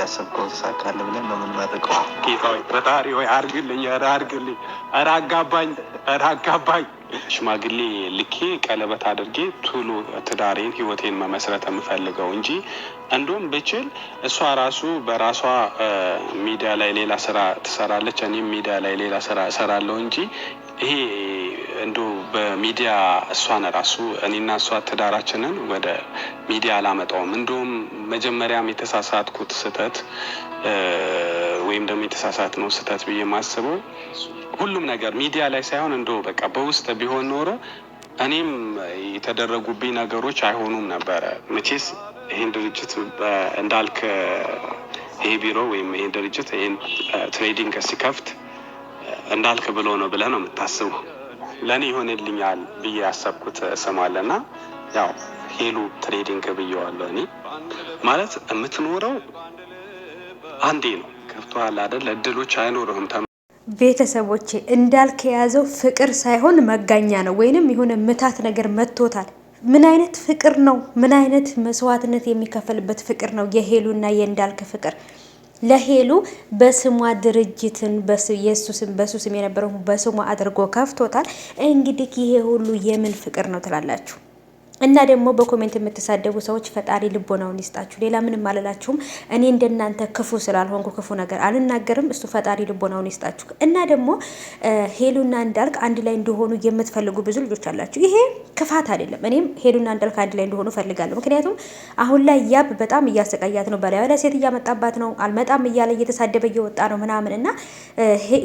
ያሰብከውን ተሳካለ ብለን ነው የምንመርቀው። ጌታ ፈጣሪ ሆይ አርግልኝ፣ ኧረ አርግልኝ፣ ኧረ አጋባኝ፣ ኧረ አጋባኝ ሽማግሌ ልኬ ቀለበት አድርጌ ቶሎ ትዳሬን ህይወቴን መመስረት የምፈልገው እንጂ እንዲሁም ብችል እሷ ራሱ በራሷ ሚዲያ ላይ ሌላ ስራ ትሰራለች፣ እኔም ሚዲያ ላይ ሌላ ስራ እሰራለሁ እንጂ ይሄ እንዶ በሚዲያ እሷን ራሱ እኔና እሷ ትዳራችንን ወደ ሚዲያ አላመጣውም። እንዲሁም መጀመሪያም የተሳሳትኩት ስህተት ወይም ደግሞ የተሳሳት ነው ስህተት ብዬ የማስበው ሁሉም ነገር ሚዲያ ላይ ሳይሆን እንደ በቃ በውስጥ ቢሆን ኖሮ እኔም የተደረጉብኝ ነገሮች አይሆኑም ነበረ። መቼስ ይህን ድርጅት እንዳልክ ይሄ ቢሮ ወይም ይህን ድርጅት ይህን ትሬዲንግ ሲከፍት እንዳልክ ብሎ ነው ብለህ ነው የምታስቡ። ለእኔ ይሆንልኛል ብዬ ያሰብኩት ስም አለና ያው ሄሉ ትሬዲንግ ብዬዋለሁ። እኔ ማለት የምትኖረው አንዴ ነው ገብቶሃል አይደል? እድሎች አይኖርህም። ቤተሰቦች እንዳልክ የያዘው ፍቅር ሳይሆን መጋኛ ነው፣ ወይንም የሆነ ምታት ነገር መጥቶታል። ምን አይነት ፍቅር ነው? ምን አይነት መስዋዕትነት የሚከፈልበት ፍቅር ነው? የሄሉና የእንዳልክ ፍቅር ለሄሉ በስሟ ድርጅትን የሱስም በሱ ስም የነበረው በስሟ አድርጎ ከፍቶታል። እንግዲህ ይሄ ሁሉ የምን ፍቅር ነው ትላላችሁ? እና ደግሞ በኮሜንት የምትሳደቡ ሰዎች ፈጣሪ ልቦናውን ይስጣችሁ። ሌላ ምንም አላላችሁም። እኔ እንደናንተ ክፉ ስላልሆንኩ ክፉ ነገር አልናገርም። እሱ ፈጣሪ ልቦናውን ይስጣችሁ። እና ደግሞ ሄሉና እንዳልክ አንድ ላይ እንደሆኑ የምትፈልጉ ብዙ ልጆች አላችሁ። ይሄ ክፋት አይደለም። እኔም ሄሉና እንዳልክ አንድ ላይ እንደሆኑ ፈልጋለሁ። ምክንያቱም አሁን ላይ ያብ በጣም እያሰቃያት ነው። በላይ ላይ ሴት እያመጣባት ነው። አልመጣም እያለ እየተሳደበ እየወጣ ነው ምናምን እና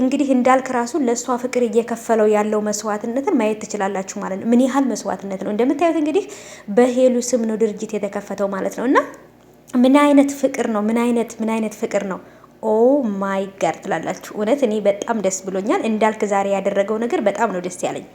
እንግዲህ እንዳልክ ራሱ ለእሷ ፍቅር እየከፈለው ያለው መስዋዕትነትን ማየት ትችላላችሁ ማለት ነው። ምን ያህል መስዋዕትነት ነው እንደምታዩት እንግዲህ እንግዲህ በሄሉ ስም ነው ድርጅት የተከፈተው ማለት ነው እና ምን አይነት ፍቅር ነው? ምን አይነት ምን አይነት ፍቅር ነው? ኦ ማይ ጋድ ትላላችሁ። እውነት እኔ በጣም ደስ ብሎኛል። እንዳልክ ዛሬ ያደረገው ነገር በጣም ነው ደስ ያለኝ።